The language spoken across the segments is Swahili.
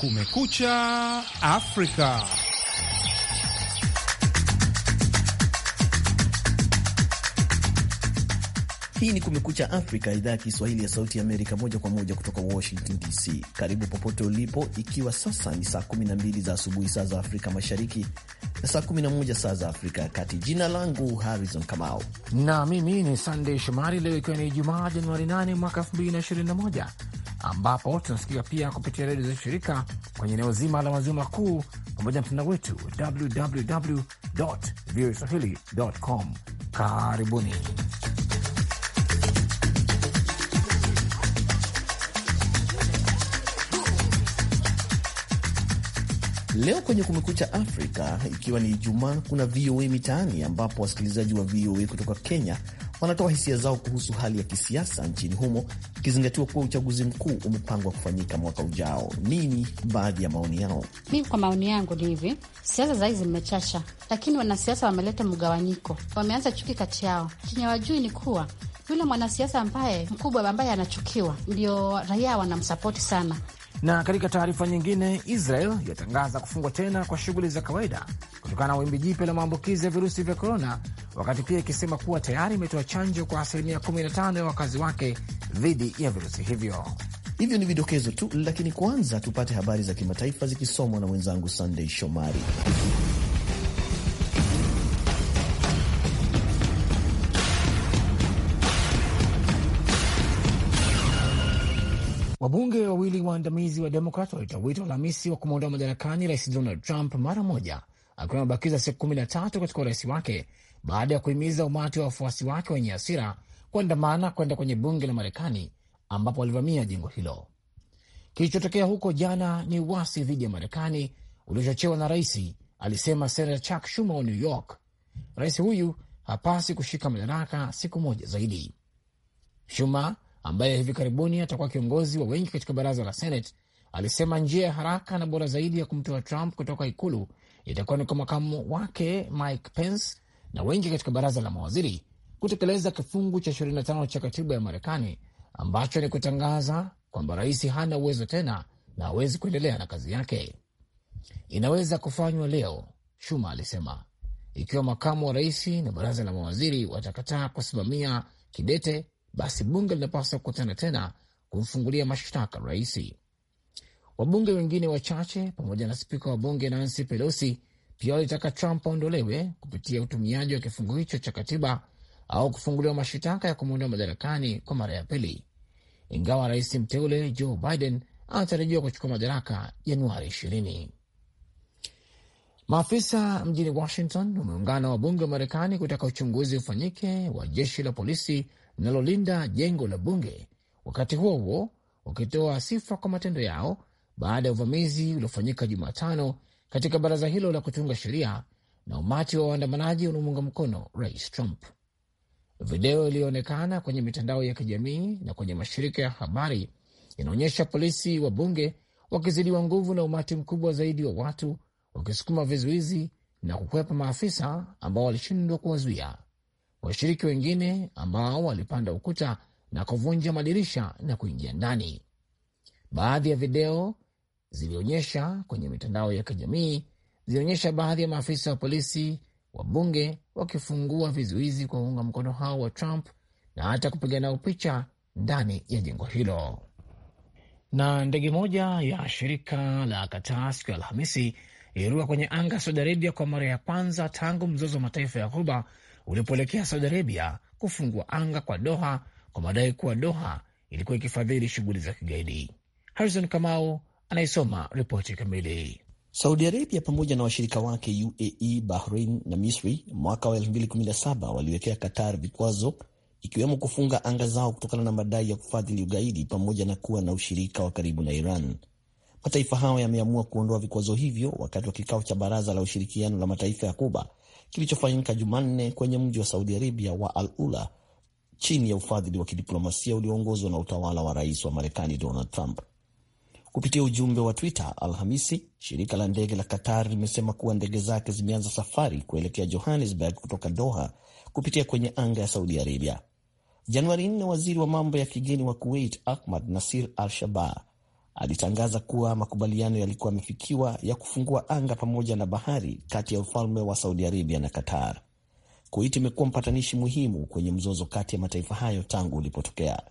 Kumekucha Afrika. Hii ni Kumekucha Afrika, idhaa ya Kiswahili ya Sauti ya Amerika, moja kwa moja kutoka Washington DC. Karibu popote ulipo, ikiwa sasa ni saa 12 za asubuhi saa za Afrika Mashariki na saa 11 saa za Afrika ya Kati. Jina langu Harrison Kamau na mimi ni Sandey Shomari. Leo ikiwa ni Ijumaa Januari 8 mwaka 2021 ambapo tunasikika pia kupitia redio za shirika kwenye eneo zima la maziwa makuu pamoja na mtandao wetu www voa swahili com. Karibuni. Leo kwenye Kumekucha Afrika, ikiwa ni Ijumaa, kuna VOA Mitaani, ambapo wasikilizaji wa VOA kutoka Kenya wanatoa hisia zao kuhusu hali ya kisiasa nchini humo, ikizingatiwa kuwa uchaguzi mkuu umepangwa kufanyika mwaka ujao. Nini baadhi ya maoni yao? Mimi kwa maoni yangu ni hivi, siasa zahizi zimechasha, lakini wanasiasa wameleta mgawanyiko, wameanza chuki kati yao. Chenye wajui ni kuwa yule mwanasiasa ambaye mkubwa ambaye anachukiwa, ndio raia wanamsapoti sana, na katika taarifa nyingine, Israel yatangaza kufungwa tena kwa shughuli za kawaida kutokana na wimbi jipya la maambukizi ya virusi vya korona, wakati pia ikisema kuwa tayari imetoa chanjo kwa asilimia 15 ya wakazi wake dhidi ya virusi hivyo. Hivyo ni vidokezo tu, lakini kwanza tupate habari za kimataifa zikisomwa na mwenzangu Sandei Shomari. Wabunge wawili waandamizi wa Demokrat walitoa wito Alhamisi wa kumwondoa madarakani rais Donald Trump mara moja, akiwa amebakiza siku kumi na tatu katika urais wake baada ya kuhimiza umati wa wafuasi wake wenye hasira kuandamana kwenda kwenye bunge la Marekani ambapo walivamia jengo hilo. Kilichotokea huko jana ni uasi dhidi ya Marekani uliochochewa na rais, alisema senata Chuck Schumer wa New York. Rais huyu hapasi kushika madaraka siku moja zaidi. Schumer ambaye hivi karibuni atakuwa kiongozi wa wengi katika baraza la Senate, alisema njia ya haraka na bora zaidi ya kumtoa Trump kutoka ikulu itakuwa ni kwa makamu wake Mike Pence na wengi katika baraza la mawaziri kutekeleza kifungu cha 25 cha katiba ya Marekani ambacho ni kutangaza kwamba rais hana uwezo tena na hawezi kuendelea na kazi yake. Inaweza kufanywa leo, Shuma alisema, ikiwa makamu wa rais na baraza la mawaziri watakataa kusimamia kidete basi bunge linapaswa kukutana tena kumfungulia mashtaka rais. Wabunge wengine wachache pamoja na spika wa bunge Nancy Pelosi pia walitaka Trump aondolewe kupitia utumiaji wa kifungu hicho cha katiba au kufunguliwa mashtaka ya kumwondoa madarakani kwa mara ya pili, ingawa rais mteule Joe Biden anatarajiwa kuchukua madaraka Januari ishirini. Maafisa mjini Washington wameungana wabunge wa Marekani kutaka uchunguzi ufanyike wa jeshi la polisi linalolinda jengo la bunge, wakati huo huo wakitoa sifa kwa matendo yao baada ya uvamizi uliofanyika Jumatano katika baraza hilo la kutunga sheria na umati wa waandamanaji unaomuunga mkono rais Trump. Video iliyoonekana kwenye mitandao ya kijamii na kwenye mashirika ya habari inaonyesha polisi wa bunge wakizidiwa nguvu na umati mkubwa zaidi wa watu wakisukuma vizuizi na kukwepa maafisa ambao walishindwa kuwazuia. Washiriki wengine ambao walipanda ukuta na kuvunja madirisha na kuingia ndani. Baadhi ya video zilionyesha kwenye mitandao ya kijamii zilionyesha baadhi ya maafisa wa polisi, wabunge wakifungua vizuizi kwa uunga mkono hao wa Trump na hata kupiga nao picha ndani ya jengo hilo. Na ndege moja ya shirika la Qatar siku ya Alhamisi iliruka kwenye anga ya Saudi Arabia kwa mara ya kwanza tangu mzozo wa mataifa ya Ghuba ulipoelekea Saudi Arabia kufungua anga kwa Doha kwa madai kuwa Doha ilikuwa ikifadhili shughuli za kigaidi. Harrison Kamau anayesoma ripoti kamili. Saudi Arabia pamoja na washirika wake UAE, Bahrain na Misri mwaka wa 2017 waliwekea Qatar vikwazo ikiwemo kufunga anga zao kutokana na madai ya kufadhili ugaidi pamoja na kuwa na ushirika wa karibu na Iran. Mataifa hayo yameamua kuondoa vikwazo hivyo wakati wa kikao cha Baraza la Ushirikiano la Mataifa ya Kuba kilichofanyika Jumanne kwenye mji wa Saudi Arabia wa Al Ula chini ya ufadhili wa kidiplomasia ulioongozwa na utawala wa rais wa Marekani Donald Trump. Kupitia ujumbe wa Twitter Alhamisi, shirika la ndege la Qatar limesema kuwa ndege zake zimeanza safari kuelekea Johannesburg kutoka Doha kupitia kwenye anga ya Saudi Arabia. Januari 4, waziri wa mambo ya kigeni wa Kuwait Ahmad Nasir Al Shabar alitangaza kuwa makubaliano yalikuwa yamefikiwa ya kufungua anga pamoja na bahari kati ya ufalme wa Saudi Arabia na Qatar. Kuwait imekuwa mpatanishi muhimu kwenye mzozo kati ya mataifa hayo tangu ulipotokea.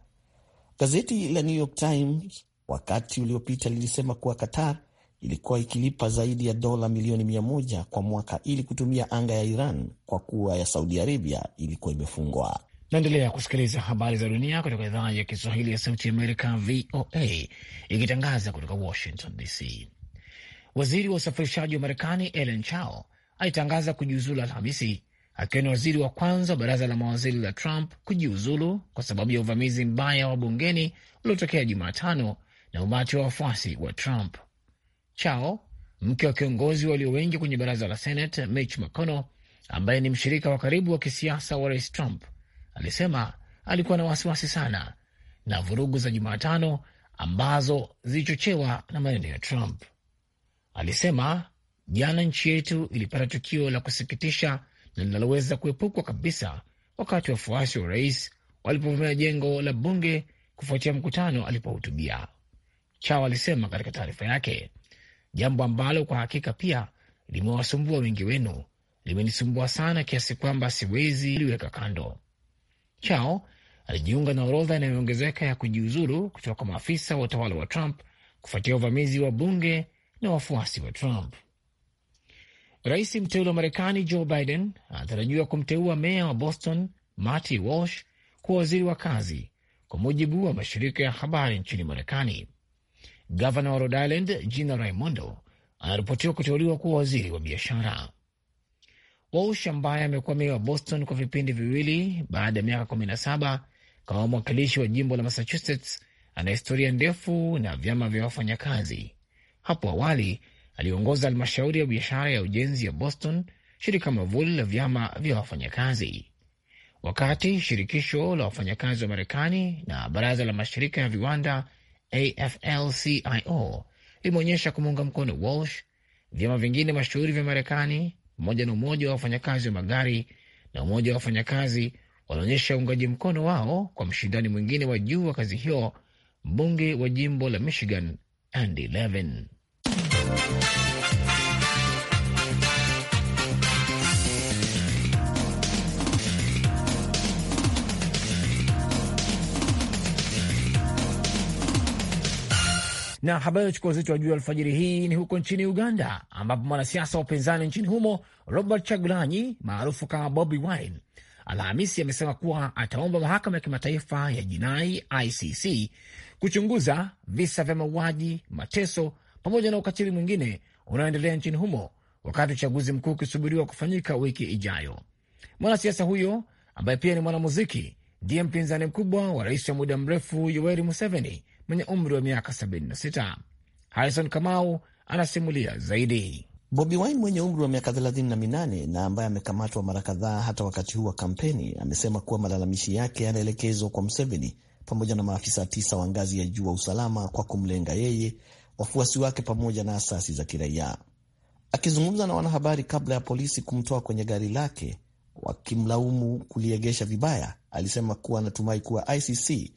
Gazeti la New York Times wakati uliopita lilisema kuwa Qatar ilikuwa ikilipa zaidi ya dola milioni mia moja kwa mwaka ili kutumia anga ya Iran kwa kuwa ya Saudi Arabia ilikuwa imefungwa. Naendelea kusikiliza habari za dunia kutoka idhaa ya Kiswahili ya sauti Amerika, VOA, ikitangaza kutoka Washington DC. Waziri wa usafirishaji wa Marekani Ellen Chao alitangaza kujiuzulu Alhamisi, akiwa ni waziri wa kwanza wa baraza la mawaziri la Trump kujiuzulu kwa sababu ya uvamizi mbaya wa bungeni uliotokea Jumatano na umati wa wafuasi wa Trump. Chao, mke wa kiongozi walio wengi kwenye baraza la Senate Mitch McConnell, ambaye ni mshirika wa karibu wa kisiasa wa rais Trump, alisema alikuwa na wasiwasi sana na vurugu za Jumatano ambazo zilichochewa na maneno ya Trump. Alisema jana, nchi yetu ilipata tukio la kusikitisha na linaloweza kuepukwa kabisa, wakati wafuasi wa rais walipovamia jengo la bunge kufuatia mkutano alipohutubia. Chao alisema katika taarifa yake, jambo ambalo kwa hakika pia limewasumbua wengi wenu, limenisumbua sana kiasi kwamba siwezi liweka kando. Chao alijiunga na orodha inayoongezeka ya kujiuzuru kutoka kwa maafisa wa utawala wa Trump kufuatia uvamizi wa bunge na wafuasi wa Trump. Rais mteule wa Marekani Joe Biden anatarajiwa kumteua meya wa Boston Marty Walsh kuwa waziri wa kazi, kwa mujibu wa mashirika ya habari nchini Marekani. Gavana wa Rhode Island Gina Raimondo anaripotiwa kuteuliwa kuwa waziri wa biashara. Walsh ambaye amekuwa meya wa Boston kwa vipindi viwili baada ya miaka 17 kama mwakilishi wa jimbo la Massachusetts ana historia ndefu na vyama vya wafanyakazi. Hapo awali aliongoza halmashauri ya biashara ya ujenzi ya Boston, shirika mavuli la vyama vya wafanyakazi. Wakati shirikisho la wafanyakazi wa Marekani na baraza la mashirika ya viwanda AFL-CIO limeonyesha kumuunga mkono Walsh, vyama vingine mashuhuri vya Marekani pamoja na umoja wa wafanyakazi wa magari na umoja wa wafanyakazi wanaonyesha uungaji mkono wao kwa mshindani mwingine wa juu wa kazi hiyo, mbunge wa jimbo la Michigan Andy Levin. Na habari iliyochukua uzito wa juu alfajiri hii ni huko nchini Uganda, ambapo mwanasiasa wa upinzani nchini humo Robert Chagulanyi maarufu kama Bobi Wine Alhamisi amesema kuwa ataomba mahakama ya kimataifa ya jinai ICC kuchunguza visa vya mauaji, mateso pamoja na ukatili mwingine unaoendelea nchini humo wakati uchaguzi mkuu ukisubiriwa kufanyika wiki ijayo. Mwanasiasa huyo ambaye pia ni mwanamuziki ndiye mpinzani mkubwa wa rais wa muda mrefu Yoweri Museveni mwenye umri wa miaka 76. Harison Kamau anasimulia zaidi. Bobi Wine mwenye umri wa miaka 38 na ambaye amekamatwa mara kadhaa hata wakati huu wa kampeni, amesema kuwa malalamishi yake yanaelekezwa kwa Museveni pamoja na maafisa tisa wa ngazi ya juu wa usalama kwa kumlenga yeye, wafuasi wake pamoja na asasi za kiraia. Akizungumza na wanahabari kabla ya polisi kumtoa kwenye gari lake wakimlaumu kuliegesha vibaya, alisema kuwa anatumai kuwa ICC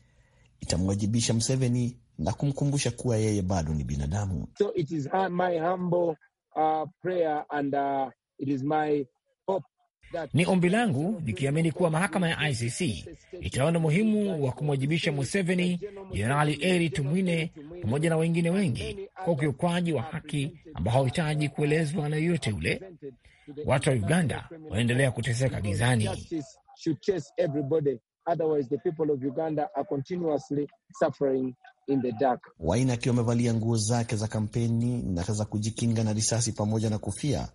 itamwajibisha mseveni na kumkumbusha kuwa yeye bado ni binadamu. So it is my humble, uh, prayer and, uh, it is my hope that... ni ombi langu nikiamini kuwa mahakama ya ICC itaona umuhimu wa kumwajibisha Museveni, Jenerali Eri Tumwine pamoja na wengine wengi kwa ukiukwaji wa haki ambao hauhitaji kuelezwa na yoyote yule. Watu wa Uganda wanaendelea kuteseka gizani. Otherwise, the people of Uganda are continuously suffering in the dark. Waina akiwa amevalia nguo zake za kampeni na za kujikinga na risasi pamoja na kofia,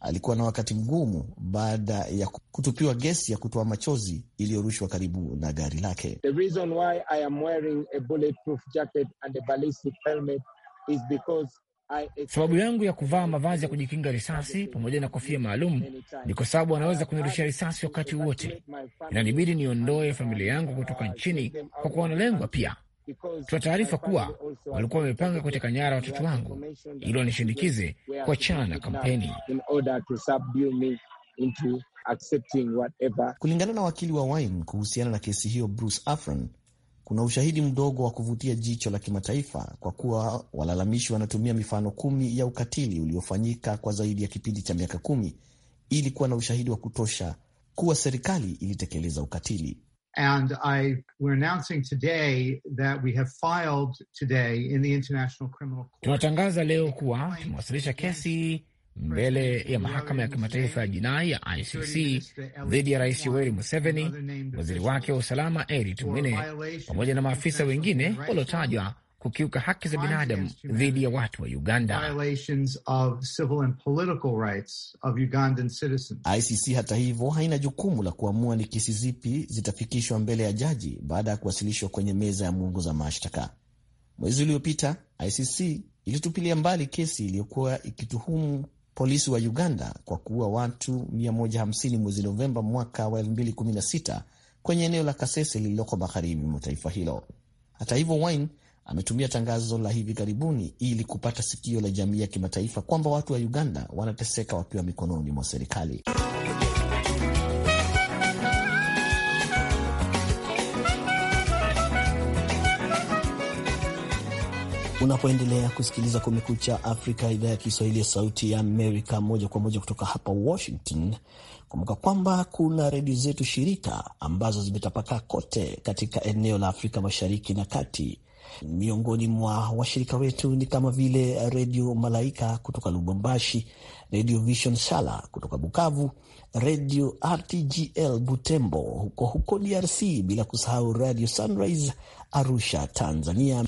alikuwa na wakati mgumu baada ya kutupiwa gesi ya kutoa machozi iliyorushwa karibu na gari lake. The reason why I am wearing a bulletproof jacket and a ballistic helmet is because Sababu yangu ya kuvaa mavazi ya kujikinga risasi pamoja na kofia maalum ni kwa sababu wanaweza kunirusha risasi wakati wowote. Inanibidi niondoe familia yangu kutoka nchini kwa kuwa wanalengwa pia. Tuna taarifa kuwa walikuwa wamepanga kuteka nyara watoto wangu ili wanishindikize kuachana na kampeni. Kulingana na wakili wa Wine kuhusiana na kesi hiyo, Bruce Afran kuna ushahidi mdogo wa kuvutia jicho la kimataifa kwa kuwa walalamishi wanatumia mifano kumi ya ukatili uliofanyika kwa zaidi ya kipindi cha miaka kumi ili kuwa na ushahidi wa kutosha kuwa serikali ilitekeleza ukatili. And I, we're announcing today that we have filed today in the International Criminal Court. Tunatangaza leo kuwa tumewasilisha kesi mbele ya mahakama ya kimataifa ya jinai ya ICC dhidi ya Rais Yoweri Museveni, waziri wake wa usalama Eri Tumwine, pamoja na maafisa wengine waliotajwa kukiuka haki za binadamu dhidi ya watu wa Uganda. ICC hata hivyo haina jukumu la kuamua ni kesi zipi zitafikishwa mbele ya jaji baada ya kuwasilishwa kwenye meza ya mwongoza mashtaka. Mwezi uliopita ICC ilitupilia mbali kesi iliyokuwa ikituhumu polisi wa Uganda kwa kuua watu 150 mwezi Novemba mwaka wa 2016 kwenye eneo la Kasese lililoko magharibi mwa taifa hilo. Hata hivyo, Wine ametumia tangazo la hivi karibuni ili kupata sikio la jamii ya kimataifa kwamba watu wa Uganda wanateseka wakiwa mikononi mwa serikali. unapoendelea kusikiliza Kumekucha Afrika, idhaa ya Kiswahili ya Sauti ya Amerika, moja kwa moja kutoka hapa Washington. Kumbuka kwamba kuna redio zetu shirika ambazo zimetapakaa kote katika eneo la Afrika Mashariki na Kati. Miongoni mwa washirika wetu ni kama vile Redio Malaika kutoka Lubumbashi, Redio Vision Shala kutoka Bukavu, Redio RTGL Butembo huko huko DRC, bila kusahau Radio Sunrise Arusha, Tanzania.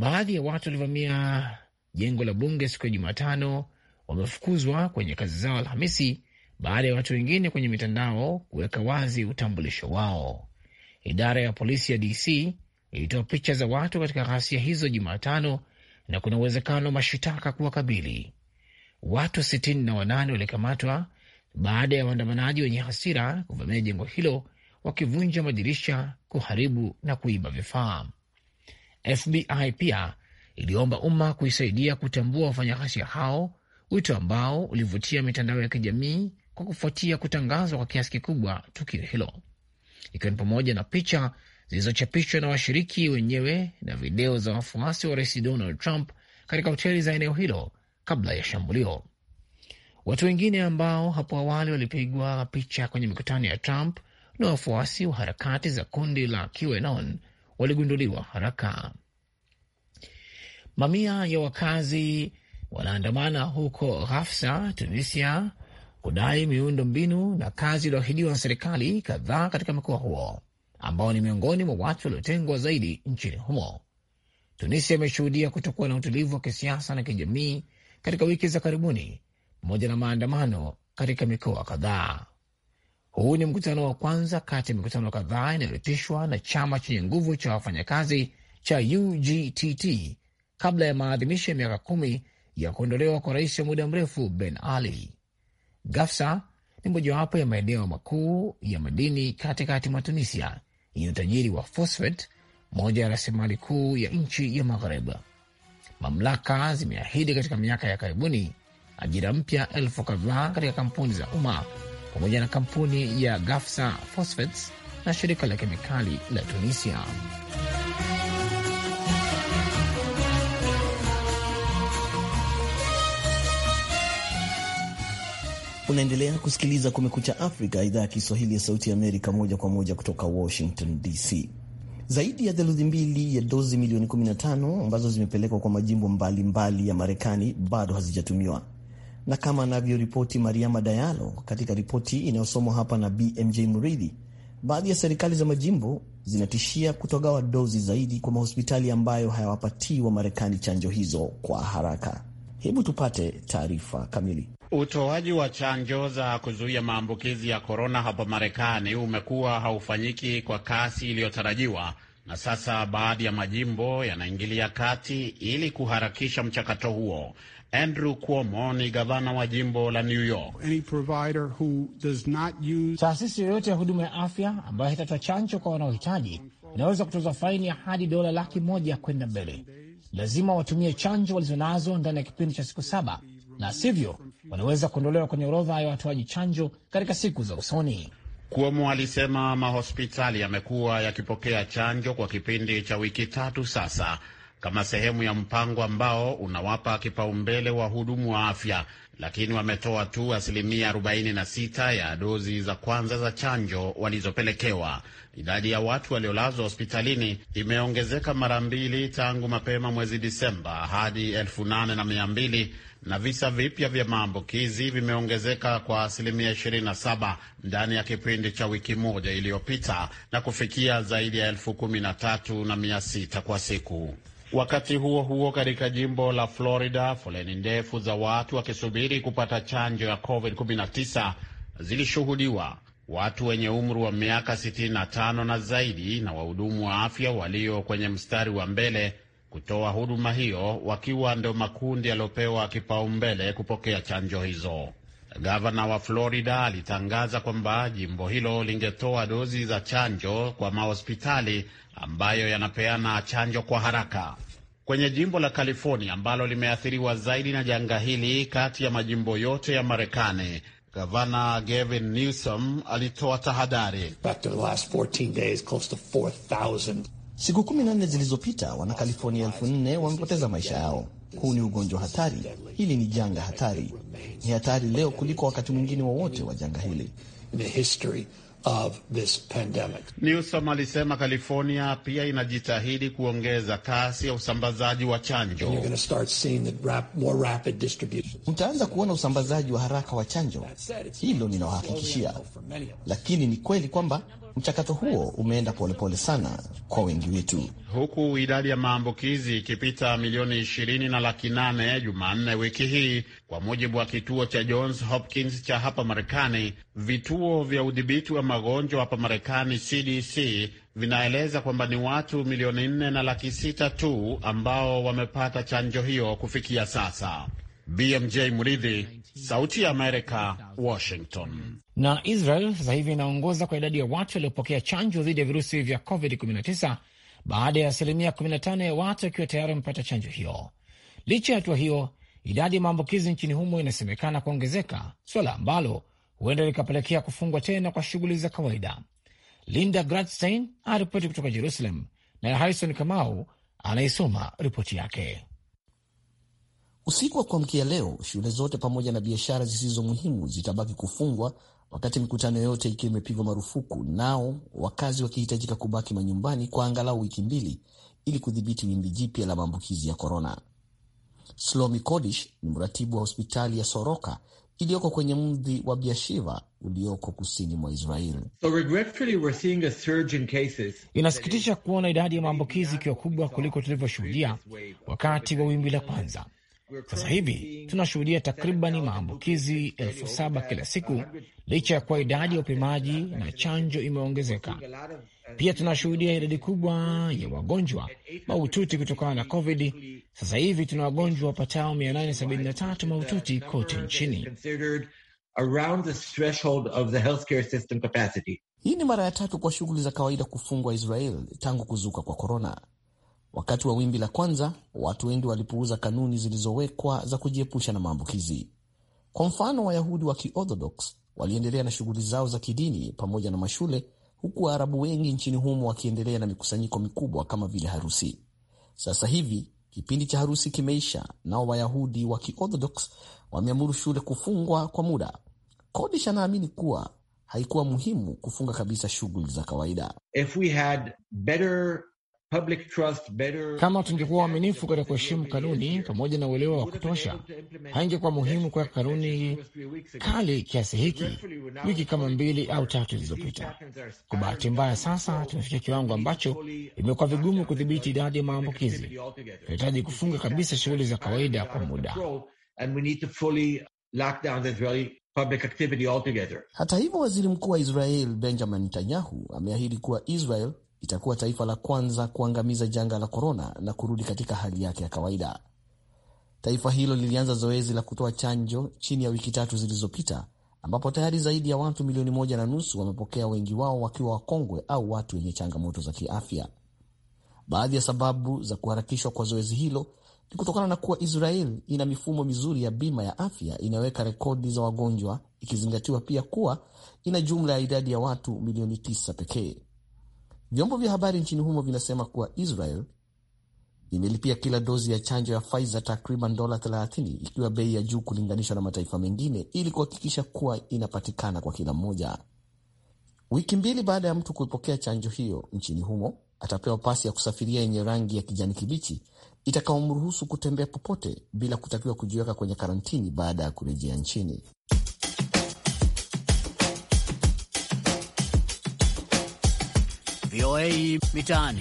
Baadhi ya watu walivamia jengo la bunge siku ya Jumatano wamefukuzwa kwenye kazi zao Alhamisi baada ya watu wengine kwenye mitandao kuweka wazi utambulisho wao. Idara ya polisi ya DC ilitoa picha za watu katika ghasia hizo Jumatano na kuna uwezekano wa mashitaka kuwakabili. Watu sitini na wanane walikamatwa baada ya waandamanaji wenye hasira kuvamia jengo hilo wakivunja madirisha, kuharibu na kuiba vifaa. FBI pia iliomba umma kuisaidia kutambua wafanyaghasia hao, wito ambao ulivutia mitandao ya kijamii kwa kufuatia kutangazwa kwa kiasi kikubwa tukio hilo, ikiwa ni pamoja na picha zilizochapishwa na washiriki wenyewe na video za wafuasi wa rais Donald Trump katika hoteli za eneo hilo kabla ya shambulio. Watu wengine ambao hapo awali walipigwa picha kwenye mikutano ya Trump na wafuasi wa harakati za kundi la QAnon waligunduliwa haraka. Mamia ya wakazi wanaandamana huko Ghafsa, Tunisia, kudai miundo mbinu na kazi iliyoahidiwa na serikali kadhaa katika mkoa huo ambao ni miongoni mwa watu waliotengwa zaidi nchini humo. Tunisia imeshuhudia kutokuwa na utulivu wa kisiasa na kijamii katika wiki za karibuni, pamoja na maandamano katika mikoa kadhaa. Huu ni mkutano wa kwanza kati ya mikutano kadhaa inayoitishwa na chama chenye nguvu cha wafanyakazi cha UGTT kabla ya maadhimisho ya miaka kumi ya kuondolewa kwa rais wa muda mrefu Ben Ali. Gafsa ni mojawapo ya maeneo makuu ya madini katikati mwa Tunisia yenye utajiri wa fosfet, moja ya rasilimali kuu ya nchi ya Maghreb. Mamlaka zimeahidi katika miaka ya karibuni ajira mpya elfu kadhaa katika kampuni za umma pamoja na kampuni ya Gafsa Phosphates na shirika la kemikali la Tunisia. Unaendelea kusikiliza Kumekucha Afrika, idhaa ya Kiswahili ya Sauti ya Amerika, moja kwa moja kutoka Washington DC. Zaidi ya theluthi mbili ya dozi milioni 15 ambazo zimepelekwa kwa majimbo mbalimbali mbali ya Marekani bado hazijatumiwa na kama anavyoripoti Mariama Dayalo katika ripoti inayosomwa hapa na BMJ Muridhi, baadhi ya serikali za majimbo zinatishia kutogawa dozi zaidi kwa mahospitali ambayo hayawapatii wa Marekani chanjo hizo kwa haraka. Hebu tupate taarifa kamili. Utoaji wa chanjo za kuzuia maambukizi ya korona hapa Marekani umekuwa haufanyiki kwa kasi iliyotarajiwa, na sasa baadhi ya majimbo yanaingilia kati ili kuharakisha mchakato huo. Andrew Cuomo ni gavana wa jimbo la New York. Taasisi yoyote ya huduma ya afya ambayo haitatoa chanjo kwa wanaohitaji inaweza kutoza faini ya hadi dola laki moja kwenda mbele. Lazima watumie chanjo walizonazo ndani ya kipindi cha siku saba, na sivyo wanaweza kuondolewa kwenye orodha ya watoaji chanjo katika siku za usoni. Cuomo alisema mahospitali yamekuwa yakipokea chanjo kwa kipindi cha wiki tatu sasa kama sehemu ya mpango ambao unawapa kipaumbele wahudumu wa afya, lakini wametoa tu asilimia 46 ya dozi za kwanza za chanjo walizopelekewa. Idadi ya watu waliolazwa hospitalini imeongezeka mara mbili tangu mapema mwezi Disemba hadi elfu na mia na visa vipya vya maambukizi vimeongezeka kwa asilimia 27 ndani ya kipindi cha wiki moja iliyopita na kufikia zaidi ya elfu na tatu kwa siku. Wakati huo huo, katika jimbo la Florida, foleni ndefu za watu wakisubiri kupata chanjo ya COVID-19 zilishuhudiwa. Watu wenye umri wa miaka 65 na zaidi na wahudumu wa afya walio kwenye mstari wa mbele kutoa huduma hiyo, wakiwa ndio makundi yaliyopewa kipaumbele kupokea chanjo hizo. Gavana wa Florida alitangaza kwamba jimbo hilo lingetoa dozi za chanjo kwa mahospitali ambayo yanapeana chanjo kwa haraka. Kwenye jimbo la California ambalo limeathiriwa zaidi na janga hili kati ya majimbo yote ya Marekani, Gavana Gavin Newsom alitoa tahadhari. Siku kumi na nne zilizopita Wanakalifornia elfu nne wamepoteza maisha yao. Huu ni ugonjwa hatari, hili ni janga hatari ni hatari leo kuliko wakati mwingine wowote wa, wa janga hili. Newsom alisema California pia inajitahidi kuongeza kasi ya usambazaji wa chanjo. mtaanza kuona usambazaji wa haraka wa chanjo, hilo ninawahakikishia. Lakini ni kweli kwamba Mchakato huo umeenda polepole sana kwa wengi wetu, huku idadi ya maambukizi ikipita milioni ishirini na laki nane Jumanne wiki hii, kwa mujibu wa kituo cha Johns Hopkins cha hapa Marekani. Vituo vya udhibiti wa magonjwa hapa Marekani, CDC, vinaeleza kwamba ni watu milioni nne na laki sita tu ambao wamepata chanjo hiyo kufikia sasa. BMJ Mridhi, Sauti ya Amerika, Washington. Na Israel sasa hivi inaongoza kwa idadi ya watu waliopokea chanjo dhidi ya virusi vya COVID-19 baada ya asilimia 15 ya watu wakiwa tayari wamepata chanjo hiyo. Licha ya hatua hiyo, idadi ya maambukizi nchini humo inasemekana kuongezeka, suala ambalo huenda likapelekea kufungwa tena kwa shughuli za kawaida. Linda Gradstein aripoti kutoka Jerusalem, naye Harrison Kamau anaisoma ripoti yake. Usiku wa kuamkia leo, shule zote pamoja na biashara zisizo muhimu zitabaki kufungwa, wakati mikutano yote ikiwa imepigwa marufuku, nao wakazi wakihitajika kubaki manyumbani kwa angalau wiki mbili ili kudhibiti wimbi jipya la maambukizi ya korona. Slomi Kodish ni mratibu wa hospitali ya Soroka iliyoko kwenye mji wa Biashiva ulioko kusini mwa Israeli. Inasikitisha kuona idadi ya maambukizi ikiwa kubwa kuliko tulivyoshuhudia wakati wa wimbi la kwanza sasa hivi tunashuhudia takribani maambukizi elfu saba kila siku, licha ya kuwa idadi ya upimaji na chanjo imeongezeka. Uh, Pia tunashuhudia idadi kubwa ya wagonjwa mahututi kutokana na COVID. Sasa hivi tuna wagonjwa wapatao 873 mahututi kote nchini. Hii ni mara ya tatu kwa shughuli za kawaida kufungwa Israel tangu kuzuka kwa korona. Wakati wa wimbi la kwanza, watu wengi walipuuza kanuni zilizowekwa za kujiepusha na maambukizi. Kwa mfano, Wayahudi wa Kiorthodox waliendelea na shughuli zao za kidini pamoja na mashule, huku Waarabu wengi nchini humo wakiendelea na mikusanyiko mikubwa kama vile harusi. Sasa hivi kipindi cha harusi kimeisha, nao Wayahudi wa Kiorthodox wameamuru shule kufungwa kwa muda. Kodish anaamini kuwa haikuwa muhimu kufunga kabisa shughuli za kawaida. If we had better kama tungekuwa waaminifu katika kuheshimu kanuni pamoja na uelewa wa kutosha, haingekuwa muhimu kuweka kanuni kali kiasi hiki wiki kama mbili au tatu zilizopita. Kwa bahati mbaya, sasa tumefikia kiwango ambacho imekuwa vigumu kudhibiti idadi ya maambukizi. Tunahitaji kufunga kabisa shughuli za kawaida kwa muda. Hata hivyo, waziri mkuu wa Israel Benjamin Netanyahu ameahidi kuwa Israel itakuwa taifa la kwanza kuangamiza janga la korona na kurudi katika hali yake ya kawaida. Taifa hilo lilianza zoezi la kutoa chanjo chini ya wiki tatu zilizopita, ambapo tayari zaidi ya watu milioni moja na nusu wamepokea, wengi wao wakiwa wakongwe au watu wenye changamoto za kiafya. Baadhi ya sababu za kuharakishwa kwa zoezi hilo ni kutokana na kuwa Israel ina mifumo mizuri ya bima ya afya inayoweka rekodi za wagonjwa, ikizingatiwa pia kuwa ina jumla ya idadi ya watu milioni tisa pekee. Vyombo vya habari nchini humo vinasema kuwa Israel imelipia kila dozi ya chanjo ya Pfizer takriban dola 30 ikiwa bei ya juu kulinganishwa na mataifa mengine ili kuhakikisha kuwa inapatikana kwa kila mmoja. Wiki mbili baada ya mtu kuipokea chanjo hiyo nchini humo, atapewa pasi ya kusafiria yenye rangi ya kijani kibichi itakaomruhusu kutembea popote bila kutakiwa kujiweka kwenye karantini baada ya kurejea nchini. VOA Mitaani.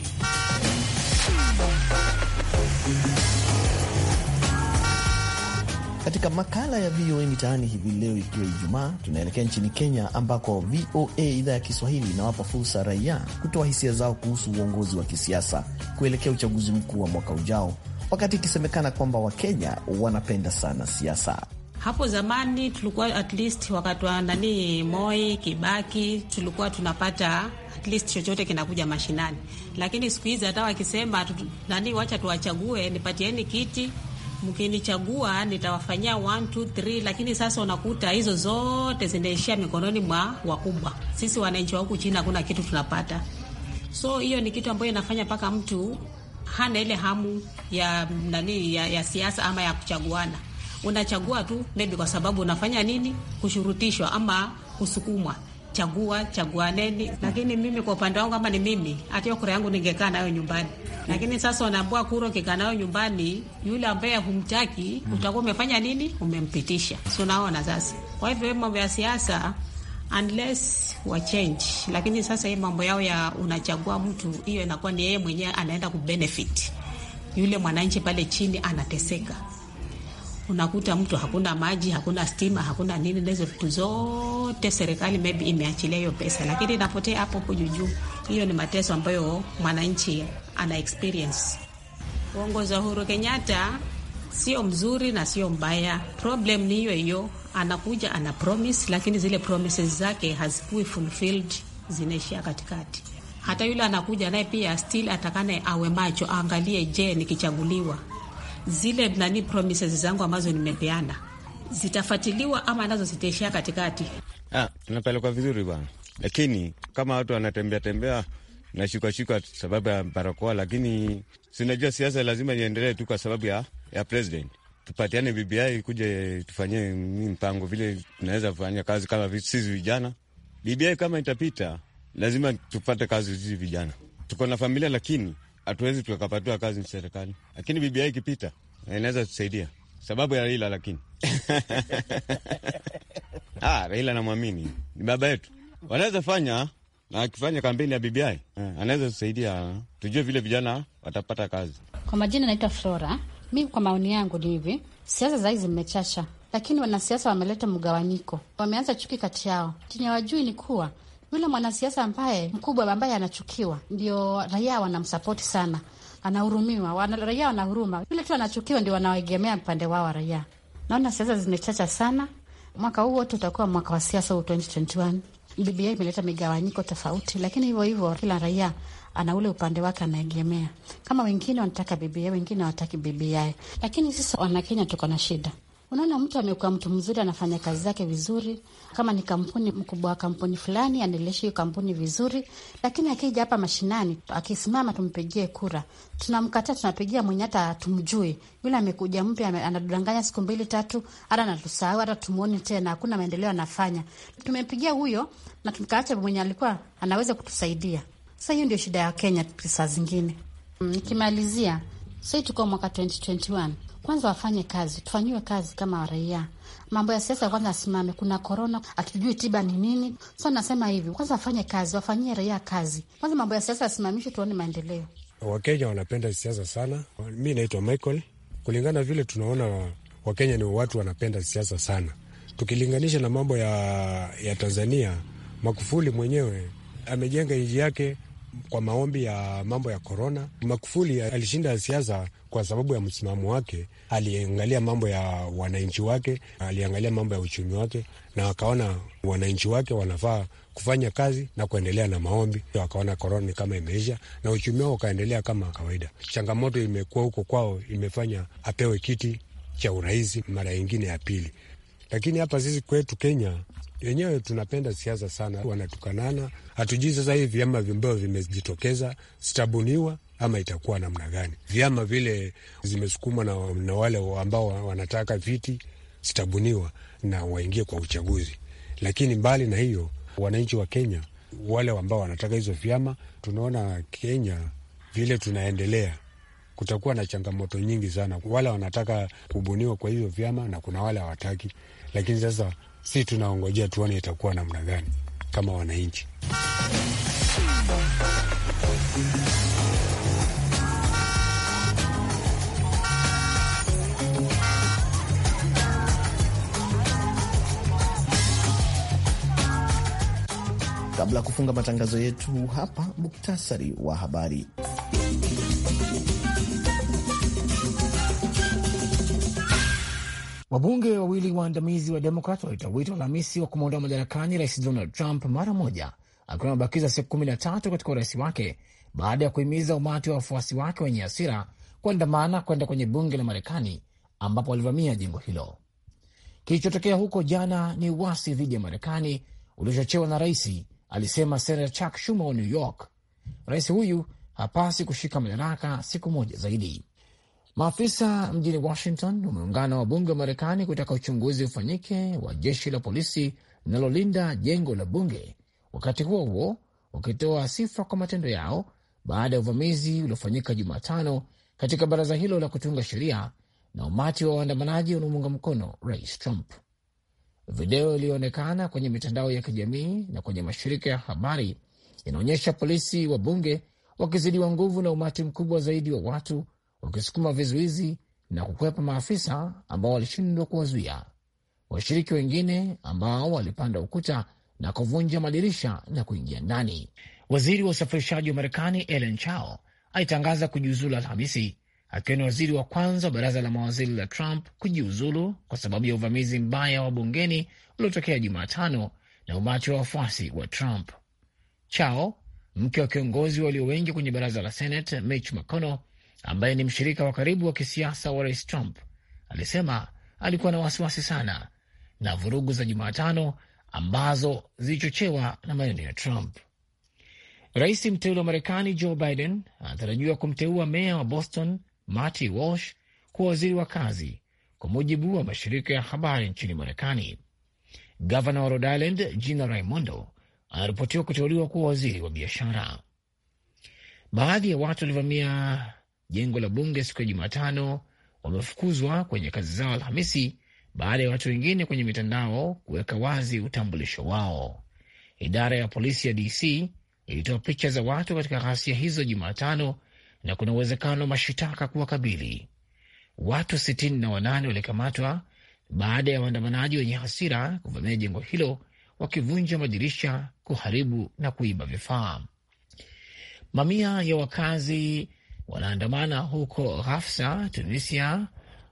Katika makala ya VOA Mitaani hivi leo, ikiwa Ijumaa, tunaelekea nchini Kenya ambako VOA idhaa ya Kiswahili inawapa fursa raia kutoa hisia zao kuhusu uongozi wa kisiasa kuelekea uchaguzi mkuu wa mwaka ujao, wakati ikisemekana kwamba Wakenya wanapenda sana siasa. Hapo zamani tulikuwa at least wakati wa nani Moi Kibaki tulikuwa tunapata at least chochote kinakuja mashinani. Lakini siku hizi hata wakisema nani, wacha tuwachague, nipatieni kiti, mkinichagua nitawafanyia one two three, lakini sasa unakuta hizo zote zinaishia mikononi mwa wakubwa. Sisi wananchi wa huku chini hakuna kitu tunapata, so hiyo ni kitu ambayo inafanya mpaka mtu hana ile hamu ya nani ya, ya siasa ama ya kuchaguana. Unachagua tu maybe kwa sababu unafanya nini, kushurutishwa ama kusukumwa chagua chaguaneni. Lakini mimi kwa upande wangu, kama ni mimi, hata hiyo kura yangu ningekaa nayo nyumbani. Lakini sasa wanaambua kura ukikaa nayo nyumbani, yule ambaye humtaki utakuwa umefanya nini? Umempitisha, si unaona? Sasa kwa hivyo mambo ya siasa unless wa change. Lakini sasa hii mambo yao ya unachagua mtu, hiyo inakuwa ni yeye mwenyewe anaenda kubenefit, yule mwananchi pale chini anateseka unakuta mtu hakuna maji, hakuna stima, hakuna nini, nahizo vitu zote serikali maybe imeachilia hiyo pesa, lakini inapotea hapo juu juu. Hiyo ni mateso ambayo mwananchi ana experience. Uongozi wa Uhuru Kenyatta sio mzuri na sio mbaya, problem ni hiyo hiyo, anakuja ana promise, lakini zile promises zake hazikui fulfilled, zinaishia katikati. Hata yule anakuja naye pia still atakane awe macho, aangalie, je, nikichaguliwa zile nani promises zangu ambazo nimepeana zitafuatiliwa ama nazo zitaishia katikati. Ah, tunapelekwa vizuri bwana, lakini kama watu wanatembea tembea nashukashuka sababu ya barakoa, lakini sinajua siasa lazima iendelee tu kwa sababu ya, ya president. Tupatiane BBI kuje tufanyie mpango vile tunaweza kufanya kazi kama sisi vijana. BBI kama itapita, lazima tupate kazi sisi vijana, tuko na familia lakini hatuwezi tukapatiwa kazi serikali, lakini BBI ikipita inaweza tusaidia sababu ya Raila. Lakini ah, Raila namwamini, ni baba yetu, wanaweza fanya na akifanya kampeni ya BBI eh, anaweza tusaidia, tujue vile vijana watapata kazi. Kwa majina naitwa Flora. Mi kwa maoni yangu ni hivi, siasa zahi zimechasha, lakini wanasiasa wameleta mgawanyiko, wameanza chuki kati yao, chenye wajui ni kuwa yule mwanasiasa ambaye mkubwa ambaye anachukiwa, ndio raia wanamsapoti sana, anahurumiwa raia wanahuruma. Yule tu anachukiwa ndio wanaoegemea mpande wao wa raia. Naona siasa zimechacha sana. Mwaka huu wote utakuwa mwaka wa siasa huu 2021. BBI imeleta migawanyiko tofauti, lakini hivyo hivyo kila raia ana ule upande wake anaegemea. Kama wengine wanataka BBI, wengine hawataki BBI, lakini sisi Wanakenya tuko na shida Unaona, mtu amekuwa mtu mzuri, anafanya kazi zake vizuri. Kama ni kampuni, mkubwa wa kampuni fulani anaelesha hiyo kampuni vizuri, lakini akija hapa mashinani, akisimama tumpigie kura, tunamkataa, tunapigia mwenye hata tumjui. Yule amekuja mpya, anadanganya siku mbili tatu, hata natusahau, hata tumwoni tena, hakuna maendeleo anafanya. Tumempigia huyo na tukaacha mwenye alikuwa anaweza kutusaidia. Sa hiyo ndio shida ya Kenya saa zingine. Mm, nikimalizia, sai tuko mwaka 2021 kwanza wafanye kazi, tufanyiwe kazi kama raia. Mambo ya siasa kwanza asimame. Kuna korona, hatujui tiba ni nini. So nasema hivi, kwanza wafanye kazi, wafanyie raia kazi kwanza. Mambo ya siasa asimamishwe, tuone maendeleo. Wakenya wanapenda siasa sana. Mi naitwa Michael. Kulingana vile tunaona, Wakenya ni watu wanapenda siasa sana, tukilinganisha na mambo ya, ya Tanzania. Magufuli mwenyewe amejenga nchi yake kwa maombi ya mambo ya korona. Magufuli alishinda siasa kwa sababu ya msimamo wake, aliangalia mambo ya wananchi wake, aliangalia mambo ya uchumi wake, na akaona wananchi wake wanafaa kufanya kazi na kuendelea na maombi. Wakaona korona ni kama imeisha na uchumi wao ukaendelea kama kawaida. Changamoto imekuwa huko kwao, imefanya apewe kiti cha urais mara yingine ya pili, lakini hapa sisi kwetu Kenya wenyewe tunapenda siasa sana, wanatukanana. Hatujui sasa hivi vyama ambavyo vimejitokeza sitabuniwa ama itakuwa namna gani? Vyama vile zimesukumwa na, na wale ambao wanataka viti sitabuniwa na waingie kwa uchaguzi. Lakini mbali na hiyo, wananchi wa Kenya wale ambao wanataka hizo vyama, tunaona Kenya vile tunaendelea kutakuwa na changamoto nyingi sana. Wale wanataka kubuniwa kwa hivyo vyama na kuna wale hawataki, lakini sasa si tunaongojea tuone itakuwa namna gani kama wananchi. Kabla ya kufunga matangazo yetu hapa, muktasari wa habari. Wabunge wawili waandamizi wa Demokrat walitoa wito Alhamisi wa kumwondoa madarakani Rais Donald Trump mara moja, akiwa amebakiza siku kumi na tatu katika urais wake baada ya kuhimiza umati wa wafuasi wake wenye hasira kuandamana kwenda kwenye bunge la Marekani ambapo walivamia jengo hilo. Kilichotokea huko jana ni uasi dhidi ya Marekani uliochochewa na rais, alisema Senata Chuck Schumer wa New York. Rais huyu hapasi kushika madaraka siku moja zaidi. Maafisa mjini Washington wameungana bunge wa Marekani kutaka uchunguzi ufanyike wa jeshi la polisi linalolinda jengo la bunge, wakati huo huo wakitoa sifa kwa matendo yao baada ya uvamizi uliofanyika Jumatano katika baraza hilo la kutunga sheria na umati wa waandamanaji wanaomuunga mkono rais Trump. Video iliyoonekana kwenye mitandao ya kijamii na kwenye mashirika ya habari inaonyesha polisi wa bunge wakizidiwa nguvu na umati mkubwa zaidi wa watu wakisukuma vizuizi na kukwepa maafisa ambao walishindwa kuwazuia. Washiriki wengine ambao walipanda ukuta na kuvunja madirisha na kuingia ndani. Waziri wa usafirishaji wa Marekani Ellen Chao alitangaza kujiuzulu Alhamisi, akiwa ni waziri wa kwanza wa baraza la mawaziri la Trump kujiuzulu kwa sababu ya uvamizi mbaya wa bungeni uliotokea Jumatano na umati wa wafuasi wa Trump. Chao, mke wa kiongozi walio wengi kwenye baraza la Senate Mitch McConnell, ambaye ni mshirika wa karibu wa kisiasa wa rais Trump alisema alikuwa na wasiwasi sana na vurugu za Jumatano ambazo zilichochewa na maneno ya Trump. Rais mteule wa Marekani Joe Biden anatarajiwa kumteua meya wa Boston Marty Walsh kuwa waziri wa kazi, kwa mujibu wa mashirika ya habari nchini Marekani. Gavana wa Rhode Island Gina Raimondo anaripotiwa kuteuliwa kuwa waziri wa biashara. Baadhi ya watu walivamia jengo la bunge siku ya Jumatano wamefukuzwa kwenye kazi zao Alhamisi baada ya watu wengine kwenye mitandao kuweka wazi utambulisho wao. Idara ya polisi ya DC ilitoa picha za watu katika ghasia hizo Jumatano na kuna uwezekano wa mashitaka kuwakabili. Watu sitini na wanane walikamatwa baada ya waandamanaji wenye hasira kuvamia jengo hilo wakivunja madirisha, kuharibu na kuiba vifaa. Mamia ya wakazi wanaandamana huko Ghafsa, Tunisia,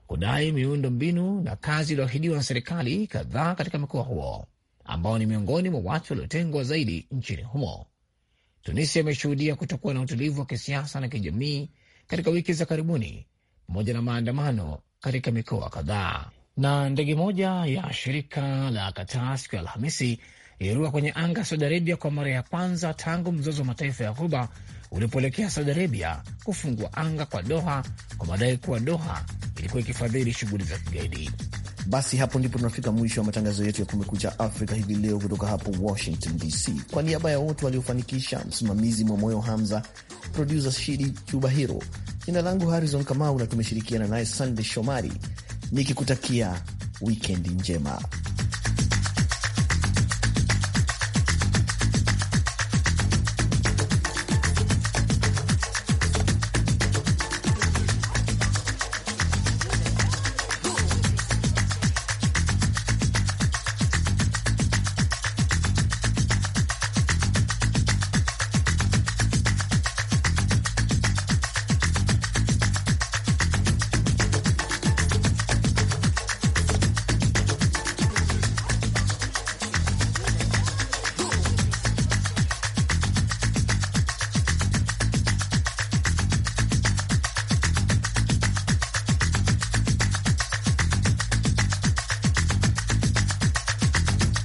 kudai miundo mbinu na kazi iliyoahidiwa na serikali kadhaa katika mkoa huo ambao ni miongoni mwa watu waliotengwa zaidi nchini humo. Tunisia imeshuhudia kutokuwa na utulivu wa kisiasa na kijamii katika wiki za karibuni, pamoja na maandamano katika mikoa kadhaa. Na ndege moja ya shirika la kataa siku ya Alhamisi iliruka kwenye anga ya Saudi Arabia kwa mara ya kwanza tangu mzozo wa mataifa ya Ghuba ulipoelekea Saudi Arabia kufungua anga kwa Doha kwa madai kuwa Doha ilikuwa ikifadhili shughuli za kigaidi. Basi hapo ndipo tunafika mwisho wa matangazo yetu ya Kumekucha Afrika hivi leo, kutoka hapo Washington DC. Kwa niaba ya wote waliofanikisha, msimamizi Mwamoyo Hamza, produsa Shidi Chubahiro, jina langu Harrison Kamau na tumeshirikiana naye Sandey Shomari, nikikutakia wikendi njema.